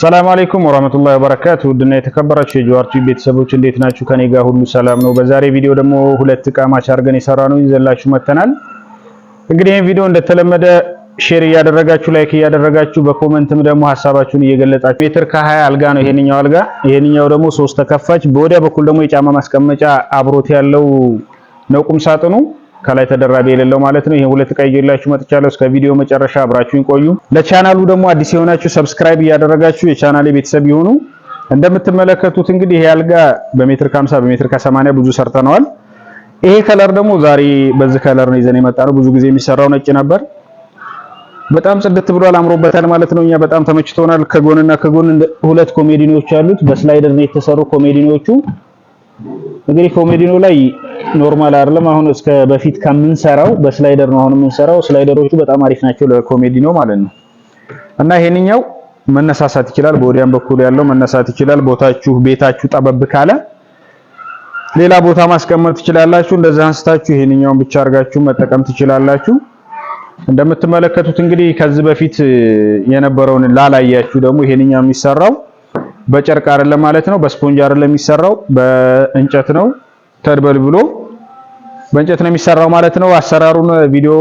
ሰላም አለይኩም ወራህመቱላሂ ወበረካቱ። ውድና የተከበራችሁ የጀዋር ቲዩብ ቤተሰቦች እንዴት ናችሁ? ከኔ ጋር ሁሉ ሰላም ነው። በዛሬ ቪዲዮ ደግሞ ሁለት እቃ አድርገን የሰራ ይዘላችሁ መተናል። እንግዲህ ይህን ቪዲዮ እንደተለመደ ሼር እያደረጋችሁ ላይክ እያደረጋችሁ በኮመንትም ደግሞ ሀሳባችሁን እየገለጻችሁ ሜትር ከ20 አልጋ ነው ይሄንኛው አልጋ። ይሄንኛው ደግሞ ሶስት ተከፋች፣ በወዲያ በኩል ደግሞ የጫማ ማስቀመጫ አብሮት ያለው ነው ቁም ሳጥኑ ከላይ ተደራቢ የሌለው ማለት ነው። ይሄ ሁለት ቀይ ይዤላችሁ መጥቻለሁ። እስከ ቪዲዮ መጨረሻ አብራችሁኝ ቆዩ። ለቻናሉ ደግሞ አዲስ የሆናችሁ ሰብስክራይብ እያደረጋችሁ የቻናሌ ቤተሰብ ይሁኑ። እንደምትመለከቱት እንግዲህ ይሄ አልጋ በሜትር ከ50 በሜትር ከ80 ብዙ ሰርተነዋል። ይሄ ከለር ደግሞ ዛሬ በዚህ ከለር ነው ይዘን የመጣ ብዙ ጊዜ የሚሰራው ነጭ ነበር። በጣም ጽድት ብሏል፣ አምሮበታል ማለት ነው። እኛ በጣም ተመችቶናል። ከጎንና ከጎን ሁለት ኮሜዲኒዎች አሉት። በስላይደር ነው የተሰሩ ኮሜዲኒዎቹ እንግዲህ ኮሜዲኖ ላይ ኖርማል አይደለም። አሁን እስከ በፊት ከምንሰራው በስላይደር ነው አሁን የምንሰራው። ስላይደሮቹ በጣም አሪፍ ናቸው ለኮሜዲኖ ማለት ነው። እና ይሄንኛው መነሳሳት ይችላል። በወዲያም በኩል ያለው መነሳት ይችላል። ቦታችሁ ቤታችሁ ጠበብ ካለ ሌላ ቦታ ማስቀመጥ ትችላላችሁ። እንደዛ አንስታችሁ ይሄንኛውን ብቻ አድርጋችሁ መጠቀም ትችላላችሁ። እንደምትመለከቱት እንግዲህ ከዚህ በፊት የነበረውን ላላያችሁ ደግሞ ይሄንኛው የሚሰራው በጨርቅ አይደለም ማለት ነው። በስፖንጅ አይደለም የሚሰራው በእንጨት ነው። ተድበል ብሎ በእንጨት ነው የሚሰራው ማለት ነው። አሰራሩን ቪዲዮ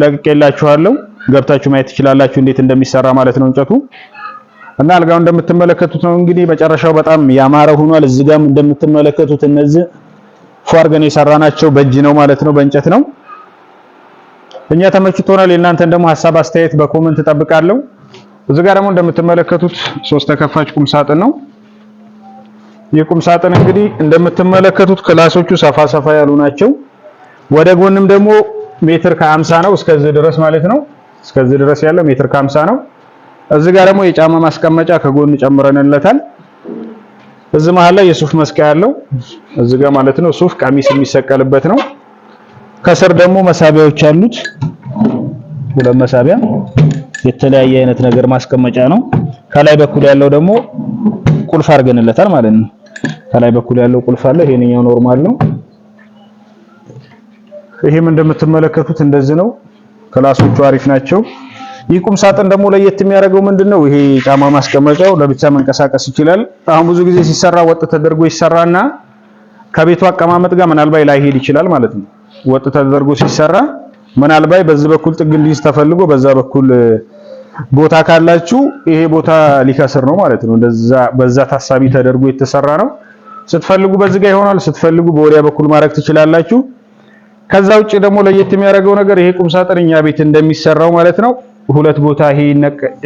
ለቅቄላችኋለሁ ገብታችሁ ማየት ትችላላችሁ እንዴት እንደሚሰራ ማለት ነው እንጨቱ እና አልጋው እንደምትመለከቱት ነው እንግዲህ መጨረሻው በጣም ያማረ ሆኗል። እዚህ ጋም እንደምትመለከቱት እነዚህ ፏርገን የሰራናቸው በእጅ ነው ማለት ነው፣ በእንጨት ነው። እኛ ተመችቶናል። የእናንተን ደግሞ ሀሳብ አስተያየት በኮመንት እጠብቃለሁ። እዚህ ጋር ደግሞ እንደምትመለከቱት ሶስት ተከፋች ቁም ሳጥን ነው። ይህ ቁም ሳጥን እንግዲህ እንደምትመለከቱት ክላሶቹ ሰፋ ሰፋ ያሉ ናቸው። ወደ ጎንም ደግሞ ሜትር ከ50 ነው እስከዚህ ድረስ ማለት ነው። እስከዚህ ድረስ ያለው ሜትር ከ50 ነው። እዚህ ጋር ደግሞ የጫማ ማስቀመጫ ከጎን ጨምረንለታል። እዚህ መሃል ላይ የሱፍ መስቀያ ያለው እዚህ ጋር ማለት ነው። ሱፍ ቀሚስ የሚሰቀልበት ነው። ከስር ደግሞ መሳቢያዎች አሉት፣ ሁለት መሳቢያ የተለያየ አይነት ነገር ማስቀመጫ ነው። ከላይ በኩል ያለው ደግሞ ቁልፍ አድርገንለታል ማለት ነው። ከላይ በኩል ያለው ቁልፍ አለ። ይሄንኛው ኖርማል ነው። ይሄም እንደምትመለከቱት እንደዚህ ነው። ክላሶቹ አሪፍ ናቸው። ይህ ቁም ሳጥን ደግሞ ለየት የሚያደርገው ምንድነው? ይሄ ጫማ ማስቀመጫው ለብቻ መንቀሳቀስ ይችላል። አሁን ብዙ ጊዜ ሲሰራ ወጥ ተደርጎ ይሰራና ከቤቱ አቀማመጥ ጋር ምናልባት ላይሄድ ይችላል ማለት ነው። ወጥ ተደርጎ ሲሰራ ምናልባት በዚህ በኩል ጥግ እንዲይዝ ተፈልጎ በዛ በኩል ቦታ ካላችሁ ይሄ ቦታ ሊከስር ነው ማለት ነው። ለዛ በዛ ታሳቢ ተደርጎ የተሰራ ነው። ስትፈልጉ በዚህ ጋር ይሆናል፣ ስትፈልጉ በወዲያ በኩል ማድረግ ትችላላችሁ። ከዛ ውጪ ደግሞ ለየት የሚያደርገው ነገር ይሄ ቁም ሳጥን እኛ ቤት እንደሚሰራው ማለት ነው ሁለት ቦታ ይሄ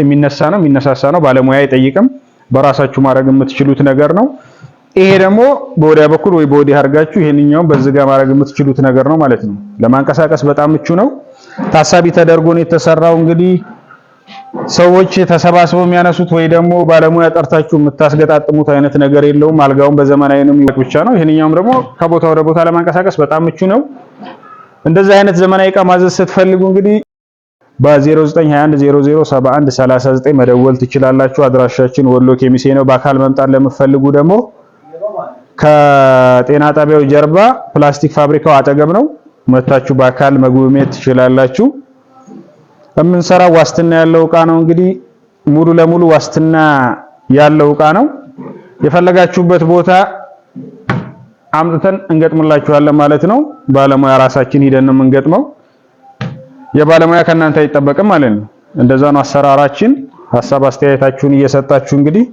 የሚነሳ ነው የሚነሳሳ ነው። ባለሙያ አይጠይቅም። በራሳችሁ ማድረግ የምትችሉት ነገር ነው። ይሄ ደግሞ በወዲያ በኩል ወይ በወዲህ አድርጋችሁ ይሄንኛውን በዚህ ጋር ማድረግ የምትችሉት ነገር ነው ማለት ነው። ለማንቀሳቀስ በጣም ምቹ ነው። ታሳቢ ተደርጎ ነው የተሰራው። እንግዲህ ሰዎች ተሰባስበው የሚያነሱት ወይ ደግሞ ባለሙያ ጠርታችሁ የምታስገጣጥሙት አይነት ነገር የለውም። አልጋውን በዘመናዊ ነው ብቻ ነው። ይሄንኛውም ደግሞ ከቦታ ወደ ቦታ ለማንቀሳቀስ በጣም ምቹ ነው። እንደዚህ አይነት ዘመናዊ እቃ ማዘዝ ስትፈልጉ እንግዲህ በ0921007139 መደወል ትችላላችሁ። አድራሻችን ወሎ ኬሚሴ ነው። በአካል መምጣት ለምትፈልጉ ደግሞ ከጤና ጣቢያው ጀርባ ፕላስቲክ ፋብሪካው አጠገብ ነው። መታችሁ በአካል መጎብኘት ትችላላችሁ። የምንሰራው ዋስትና ያለው እቃ ነው። እንግዲህ ሙሉ ለሙሉ ዋስትና ያለው እቃ ነው። የፈለጋችሁበት ቦታ አምጥተን እንገጥምላችኋለን ማለት ነው። ባለሙያ ራሳችን ሂደን ነው የምንገጥመው። የባለሙያ ከእናንተ አይጠበቅም ማለት ነው። እንደዛ ነው አሰራራችን። ሀሳብ አስተያየታችሁን እየሰጣችሁ እንግዲህ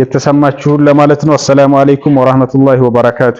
የተሰማችሁን ለማለት ነው። አሰላሙ አለይኩም ወራህመቱላሂ ወበረካቱ።